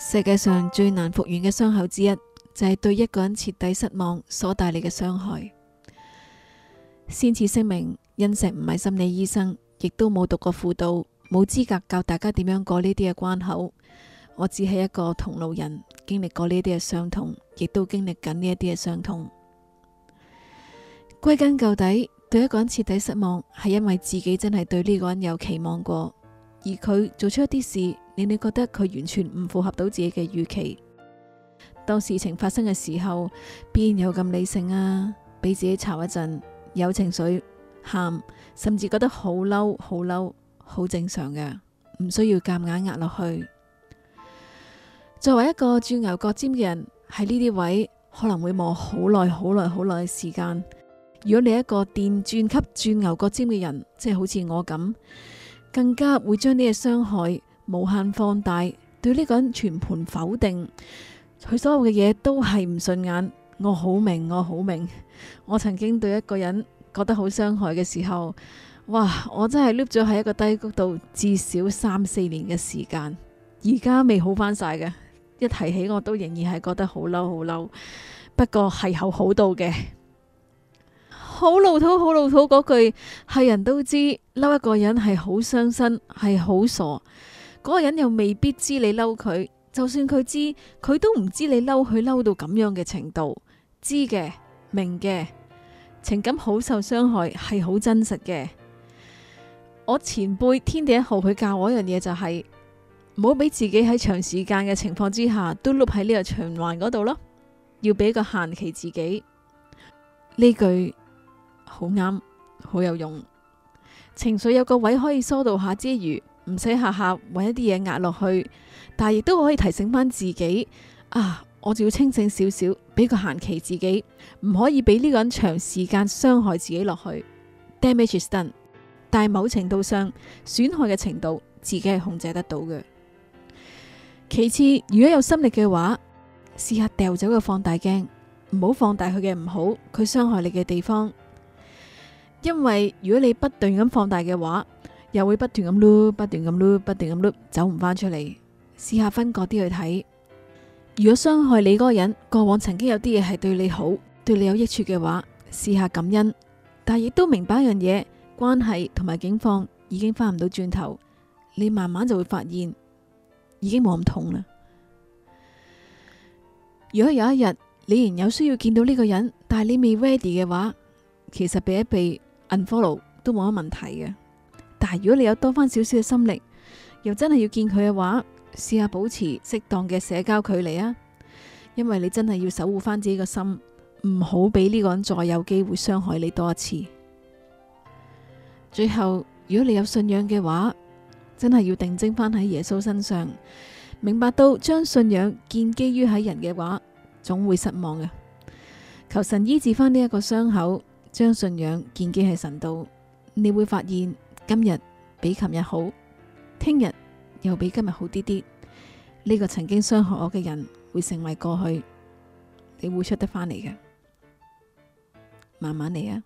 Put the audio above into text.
世界上最難復原嘅傷口之一，就係對一個人徹底失望所帶嚟嘅傷害。先此聲明，欣石唔係心理醫生，亦都冇讀過輔導，冇資格教大家點樣過呢啲嘅關口。我只係一個同路人，經歷過呢啲嘅傷痛，亦都經歷緊呢一啲嘅傷痛。歸根究底，對一個人徹底失望，係因為自己真係對呢個人有期望過，而佢做出一啲事。令你覺得佢完全唔符合到自己嘅預期。當事情發生嘅時候，邊有咁理性啊？俾自己吵一陣，有情緒，喊，甚至覺得好嬲，好嬲，好正常嘅，唔需要夾硬壓落去。作為一個鑽牛角尖嘅人，喺呢啲位可能會磨好耐，好耐，好耐嘅時間。如果你一個電鑽級鑽牛角尖嘅人，即係好似我咁，更加會將呢個傷害無限放大，對呢個人全盤否定，佢所有嘅嘢都係唔順眼。我好明，我好明。我曾經對一個人覺得好傷害嘅時候，哇！我真係留咗喺一個低谷度，至少三四年嘅時間，而家未好翻晒嘅。一提起我都仍然係覺得好嬲，好嬲。不過係有好到嘅，好老土，好老土嗰句係人都知嬲一個人係好傷心，係好傻。嗰個人又未必知你嬲佢，就算佢知，佢都唔知你嬲佢嬲到咁樣嘅程度。知嘅，明嘅，情感好受傷害係好真實嘅。我前輩天地一號佢教我一樣嘢就係唔好俾自己喺長時間嘅情況之下都碌喺呢個循環嗰度咯，要俾個限期自己。呢句好啱，好有用。情緒有個位可以疏導下之餘。唔使下下搵一啲嘢壓落去，但係亦都可以提醒翻自己啊，我就要清醒少少，俾個限期自己，唔可以俾呢個人長時間傷害自己落去。Damage done，但係某程度上損害嘅程度自己係控制得到嘅。其次，如果有心力嘅話，試下掉走個放大鏡，唔好放大佢嘅唔好，佢傷害你嘅地方。因為如果你不斷咁放大嘅話，又會不斷咁 loop 不斷咁 loop 不斷咁 loop，走唔返出嚟。試下分割啲去睇，如果傷害你嗰個人過往曾經有啲嘢，係對你好，對你有益處嘅話，試下感恩，但亦都明白一樣嘢關係同埋境況已經返唔到轉頭。你慢慢就會發現已經冇咁痛啦。如果有一日你仍有需要見到呢個人，但係你未 ready 嘅話，其實避一避 unfollow 都冇乜問題嘅。如果你有多翻少少嘅心力，又真係要見佢嘅話，試下保持適當嘅社交距離啊。因為你真係要守護翻自己個心，唔好俾呢個人再有機會傷害你多一次。最後，如果你有信仰嘅話，真係要定睛返喺耶穌身上，明白到將信仰建基於喺人嘅話，總會失望嘅。求神醫治返呢一個傷口，將信仰建基喺神度，你會發現。今日比琴日好，聽日又比今日好啲啲。呢、這個曾經傷害我嘅人會成為過去，你會出得返嚟嘅，慢慢嚟啊！